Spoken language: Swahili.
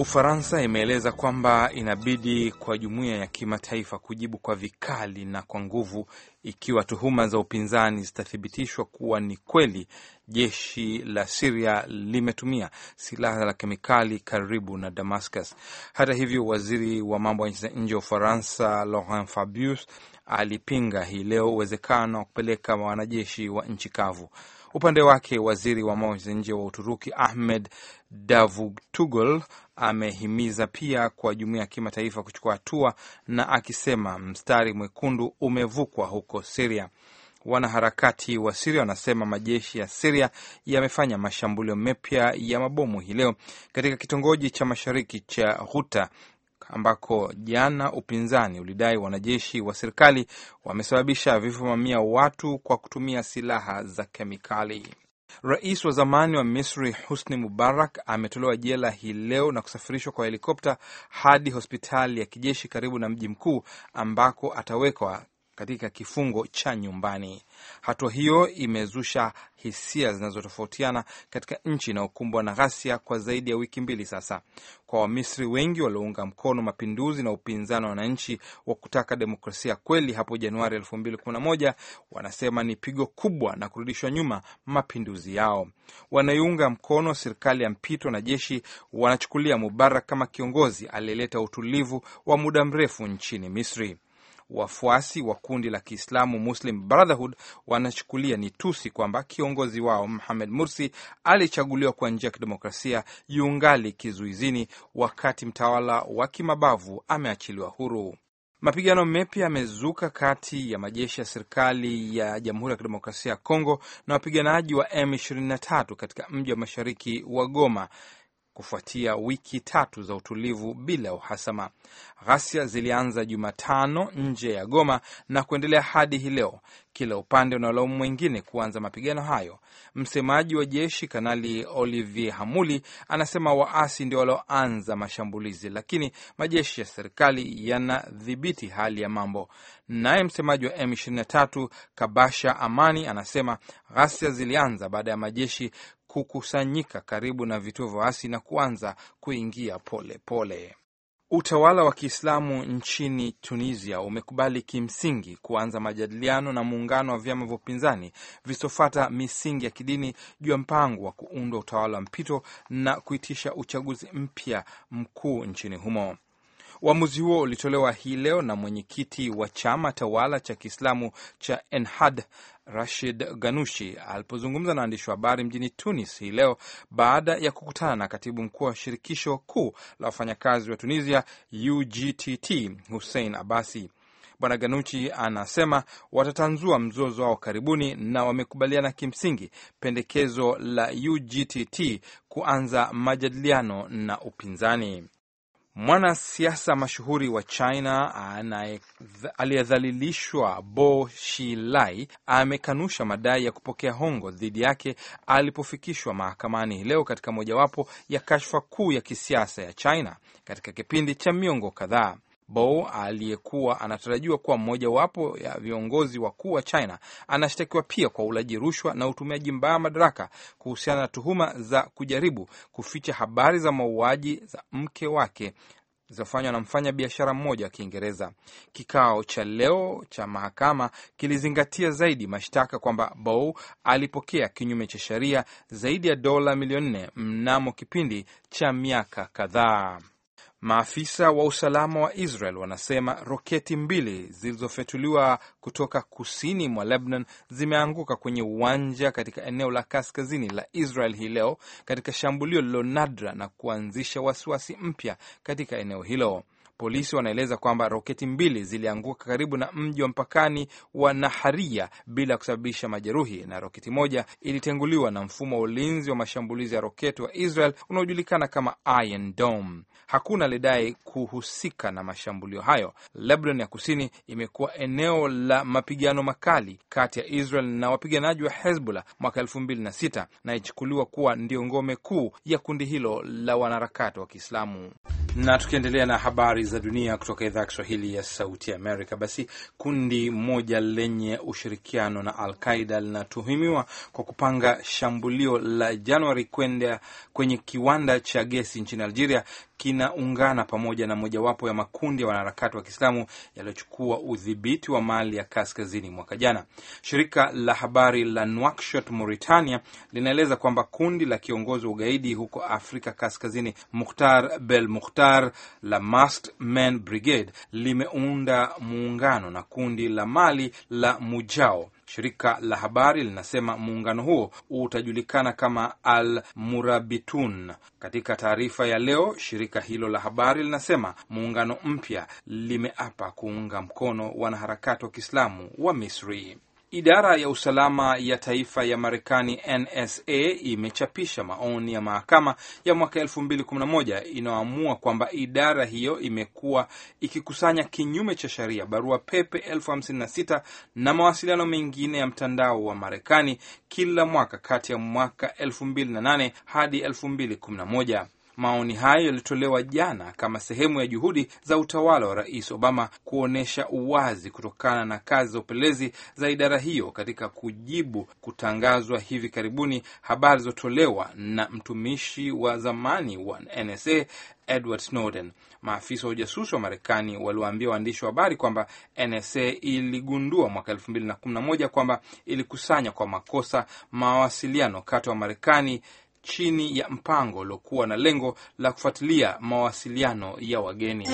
Ufaransa imeeleza kwamba inabidi kwa jumuiya ya kimataifa kujibu kwa vikali na kwa nguvu ikiwa tuhuma za upinzani zitathibitishwa kuwa ni kweli jeshi la Siria limetumia silaha la kemikali karibu na Damascus. Hata hivyo, waziri wa mambo ya nchi za nje wa Ufaransa Laurent Fabius alipinga hii leo uwezekano wa kupeleka wanajeshi wa nchi kavu. Upande wake waziri wa mambo ya nje wa Uturuki Ahmed Davutoglu amehimiza pia kwa jumuiya ya kimataifa kuchukua hatua, na akisema mstari mwekundu umevukwa huko Siria. Wanaharakati wa Siria wanasema majeshi ya Siria yamefanya mashambulio mapya ya mabomu hii leo katika kitongoji cha mashariki cha Ghuta ambako jana upinzani ulidai wanajeshi wa serikali wamesababisha vifo mamia watu kwa kutumia silaha za kemikali. Rais wa zamani wa Misri Husni Mubarak ametolewa jela hii leo na kusafirishwa kwa helikopta hadi hospitali ya kijeshi karibu na mji mkuu ambako atawekwa katika kifungo cha nyumbani. Hatua hiyo imezusha hisia zinazotofautiana katika nchi inayokumbwa na ghasia kwa zaidi ya wiki mbili sasa. Kwa Wamisri wengi waliounga mkono mapinduzi na upinzani wa wananchi wa kutaka demokrasia kweli hapo Januari 2011 wanasema ni pigo kubwa na kurudishwa nyuma mapinduzi yao. Wanaiunga mkono serikali ya mpito na jeshi wanachukulia Mubarak kama kiongozi aliyeleta utulivu wa muda mrefu nchini Misri wafuasi wa kundi la Kiislamu Muslim Brotherhood wanachukulia ni tusi kwamba kiongozi wao Mohamed Mursi alichaguliwa kwa njia ya kidemokrasia yungali kizuizini, wakati mtawala wa kimabavu ameachiliwa huru. Mapigano mepya yamezuka kati ya majeshi ya serikali ya Jamhuri ya Kidemokrasia ya Kongo na wapiganaji wa M23 katika mji wa mashariki wa Goma kufuatia wiki tatu za utulivu bila uhasama. Ghasia zilianza Jumatano nje ya Goma na kuendelea hadi hii leo, kila upande unaolaumu mwingine kuanza mapigano hayo. Msemaji wa jeshi Kanali Olivier Hamuli anasema waasi ndio walioanza mashambulizi, lakini majeshi ya serikali yanadhibiti hali ya mambo. Naye msemaji wa M23 Kabasha Amani anasema ghasia zilianza baada ya majeshi kukusanyika karibu na vituo vya waasi na kuanza kuingia polepole pole. Utawala wa Kiislamu nchini Tunisia umekubali kimsingi kuanza majadiliano na muungano wa vyama vya upinzani visivyofuata misingi ya kidini juu ya mpango wa kuundwa utawala wa mpito na kuitisha uchaguzi mpya mkuu nchini humo. Uamuzi huo ulitolewa hii leo na mwenyekiti wa chama tawala cha Kiislamu cha Enhad Rashid Ganushi alipozungumza na waandishi wa habari mjini Tunis hii leo baada ya kukutana na katibu mkuu wa shirikisho kuu la wafanyakazi wa Tunisia UGTT Hussein Abasi. Bwana Ganuchi anasema watatanzua mzozo wao karibuni, na wamekubaliana kimsingi pendekezo la UGTT kuanza majadiliano na upinzani. Mwanasiasa mashuhuri wa China aliyedhalilishwa Bo Xilai amekanusha madai ya kupokea hongo dhidi yake alipofikishwa mahakamani leo katika mojawapo ya kashfa kuu ya kisiasa ya China katika kipindi cha miongo kadhaa. Bow aliyekuwa anatarajiwa kuwa mmojawapo ya viongozi wakuu wa China anashtakiwa pia kwa ulaji rushwa na utumiaji mbaya madaraka kuhusiana na tuhuma za kujaribu kuficha habari za mauaji za mke wake zilizofanywa na mfanya biashara mmoja wa Kiingereza. Kikao cha leo cha mahakama kilizingatia zaidi mashtaka kwamba bo alipokea kinyume cha sheria zaidi ya dola milioni nne mnamo kipindi cha miaka kadhaa. Maafisa wa usalama wa Israel wanasema roketi mbili zilizofyatuliwa kutoka kusini mwa Lebanon zimeanguka kwenye uwanja katika eneo la kaskazini la Israel hii leo katika shambulio lilonadra na kuanzisha wasiwasi mpya katika eneo hilo. Polisi wanaeleza kwamba roketi mbili zilianguka karibu na mji wa mpakani wa Naharia bila kusababisha majeruhi, na roketi moja ilitenguliwa na mfumo wa ulinzi wa mashambulizi ya roketi wa Israel unaojulikana kama Iron Dome hakuna alidai kuhusika na mashambulio hayo. Lebanon ya kusini imekuwa eneo la mapigano makali kati ya Israel na wapiganaji wa Hezbollah mwaka elfu mbili na sita na ichukuliwa kuwa ndio ngome kuu ya kundi hilo la wanaharakati wa Kiislamu na tukiendelea na habari za dunia kutoka idhaa ya Kiswahili ya Sauti Amerika. Basi kundi moja lenye ushirikiano na Al Qaida linatuhumiwa kwa kupanga shambulio la Januari kwenda kwenye kiwanda cha gesi nchini Algeria kinaungana pamoja na mojawapo ya makundi ya wanaharakati wa Kiislamu yaliyochukua udhibiti wa mali ya kaskazini mwaka jana. Shirika la habari la Nouakchott, Mauritania, linaeleza kwamba kundi la kiongozi wa ugaidi huko Afrika Kaskazini Mukhtar Bel Mukhtar Ansar la Masked Men Brigade limeunda muungano na kundi la Mali la Mujao. Shirika la habari linasema muungano huo utajulikana kama Al Murabitun. Katika taarifa ya leo, shirika hilo la habari linasema muungano mpya limeapa kuunga mkono wanaharakati wa Kiislamu wa Misri. Idara ya usalama ya taifa ya Marekani, NSA, imechapisha maoni ya mahakama ya mwaka 2011 inayoamua kwamba idara hiyo imekuwa ikikusanya kinyume cha sheria barua pepe 56 na na mawasiliano mengine ya mtandao wa Marekani kila mwaka kati ya mwaka 2008 hadi 2011. Maoni hayo yalitolewa jana kama sehemu ya juhudi za utawala wa Rais Obama kuonyesha uwazi kutokana na kazi za upelelezi za idara hiyo katika kujibu kutangazwa hivi karibuni habari zilizotolewa na mtumishi wa zamani wa NSA Edward Snowden. Maafisa wa ujasusi wa Marekani waliwaambia waandishi wa habari kwamba NSA iligundua mwaka moja kwamba ilikusanya kwa makosa mawasiliano kati wa Marekani chini ya mpango uliokuwa na lengo la kufuatilia mawasiliano ya wageni.